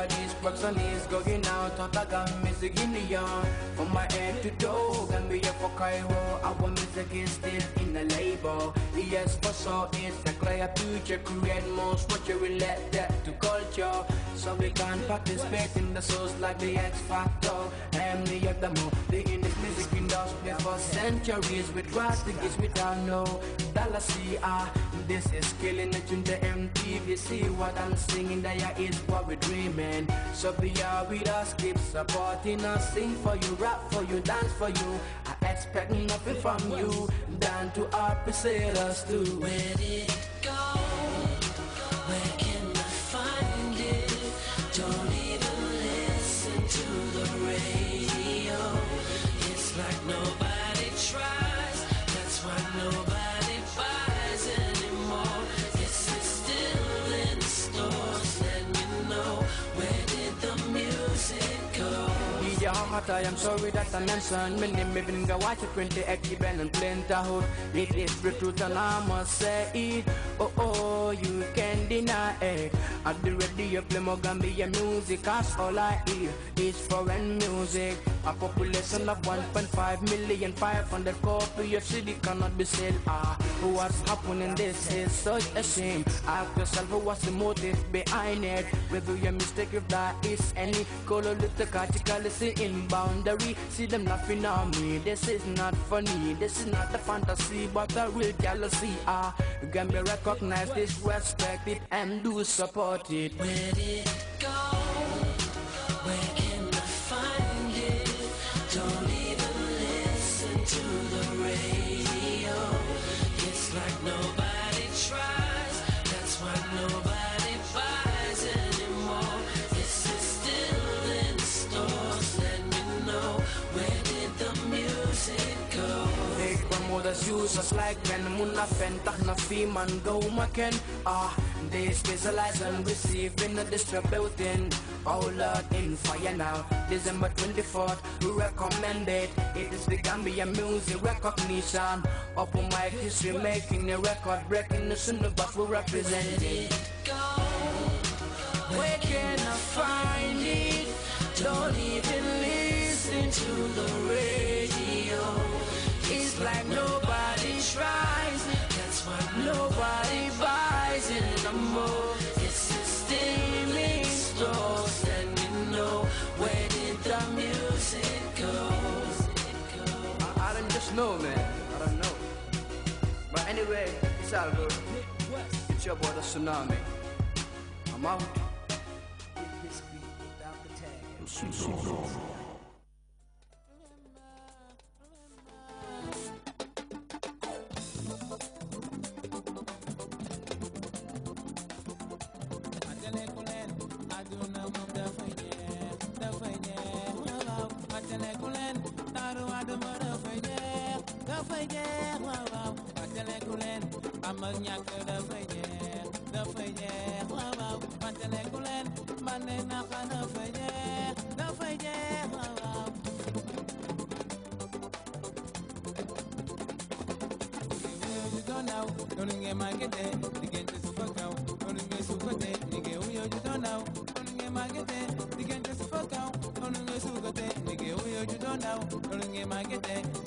for these cracks and going out Talk again, me in the yarn From my head to toe, can be here for Cairo Our music is still in the label Yes, for so it's a clear future Create most what you relate that to culture So we can participate in the source like the X Factor And the other more, the in this music industry For centuries, with drastic is not know dollar see This is killing it in the MTV See what I'm singing is what we're dreaming So be here with us, keep supporting us Sing for you, rap for you, dance for you I expect nothing from you Down to our us too Where did it go? Where what I am sorry that I mentioned My name even go watch it 20 Ekiben and Plenty Hood It is the truth and I must say it Oh oh you can you play Gambian music, That's all I hear is foreign music. A population of 1.5 million, 500 copy of CD cannot be sold. Ah, what's happening? This is such a shame. Ask yourself what's the motive behind it. Whether you mistake if that is any. Color little categorically in boundary. See them laughing at me. This is not funny. This is not a fantasy, but a real jealousy. Ah, you can be recognized, this respect it, and do support it. Where can I find it? Don't even listen to the radio. It's like nobody tries. That's why nobody buys anymore. This is still in the stores. Let me know where did the music go? just like maken. Ah. They specialize on receiving the distributing. Oh Lord, in fire now. December 24th, we recommend it. It is the Gambia music recognition. Open my history making the record breaking the sooner, but we represent it. Go. Where can I find it? Don't even listen to the radio. It's like no know, man. I don't know. But anyway, it's all good. It's your boy, the tsunami. I'm out. am ak ñàkk dafay jeex dafay jeex la waaw wante lekku leen man ne naqa dafay jeex dafay jeex la waaw réew mi doon daw noonu ngeen màggete diggante suuf ak kaw noonu ngeen suufate liggéeyu yow ju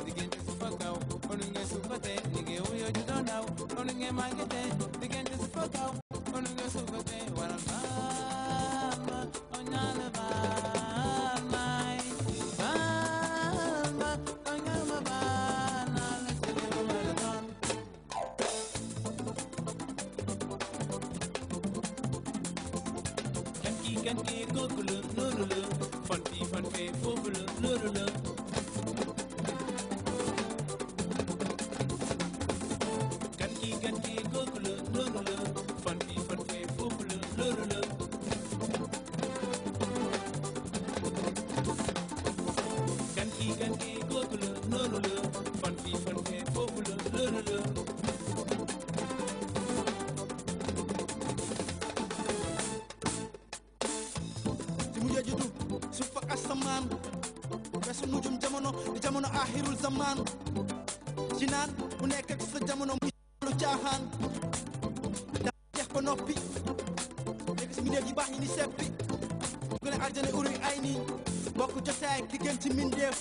aaxirul zamaan ci naan bu nekk ak sa jamono muy daa jeex ba noppi nekk si mbindeef yi baax ñi ni seppi bu gën a arjana uri ay nii bokk jotaay ki gën ci mbindeef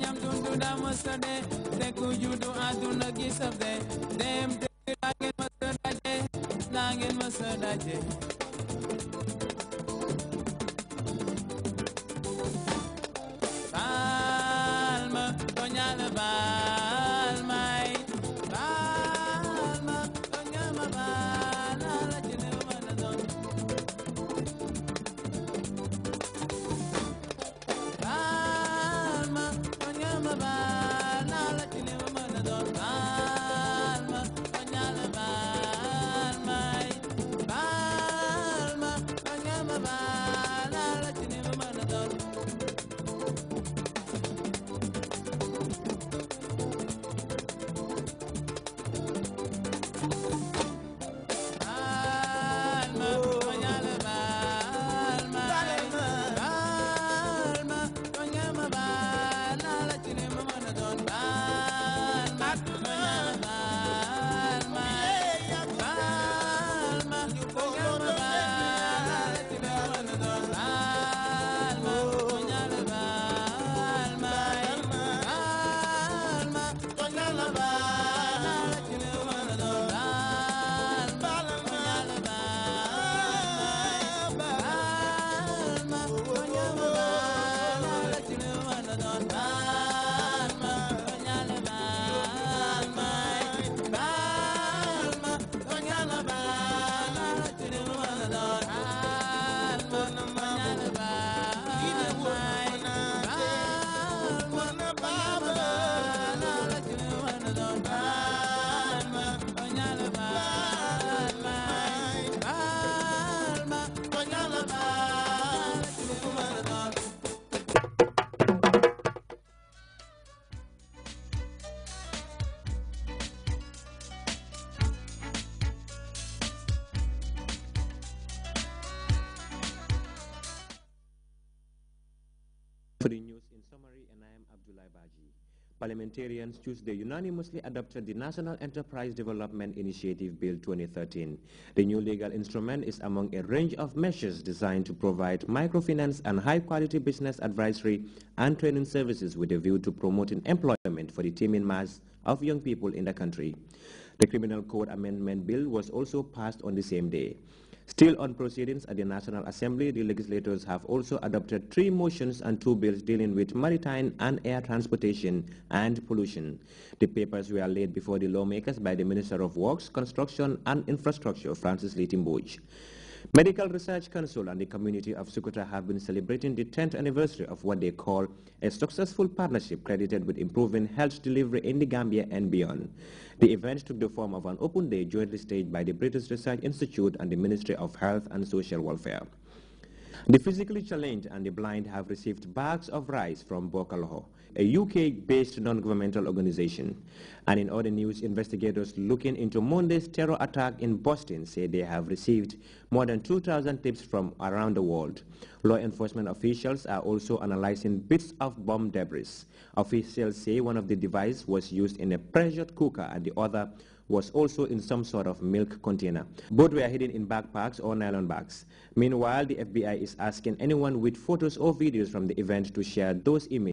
ñam dundu daa ma sa te ku juddu àdduna gi sa dee dem te daa ngeen ma sa daje daa ngeen for the news in summary, and I am Abdullah Baji. Parliamentarians Tuesday unanimously adopted the National Enterprise Development Initiative Bill 2013. The new legal instrument is among a range of measures designed to provide microfinance and high-quality business advisory and training services with a view to promoting employment for the teeming mass of young people in the country. The Criminal Code Amendment Bill was also passed on the same day. Still on proceedings at the National Assembly, the legislators have also adopted three motions and two bills dealing with maritime and air transportation and pollution. The papers were laid before the lawmakers by the Minister of Works, Construction and Infrastructure, Francis Litimboge. Medical Research Council and the community of Sukuta have been celebrating the 10th anniversary of what they call a successful partnership credited with improving health delivery in the Gambia and beyond. The event took the form of an open day jointly staged by the British Research Institute and the Ministry of Health and Social Welfare. The physically challenged and the blind have received bags of rice from Bokaloho, a UK-based non-governmental organization. And in other news, investigators looking into Monday's terror attack in Boston say they have received more than 2,000 tips from around the world. Law enforcement officials are also analyzing bits of bomb debris. Officials say one of the devices was used in a pressure cooker and the other was also in some sort of milk container. Both were hidden in backpacks or nylon bags. Meanwhile, the FBI is asking anyone with photos or videos from the event to share those images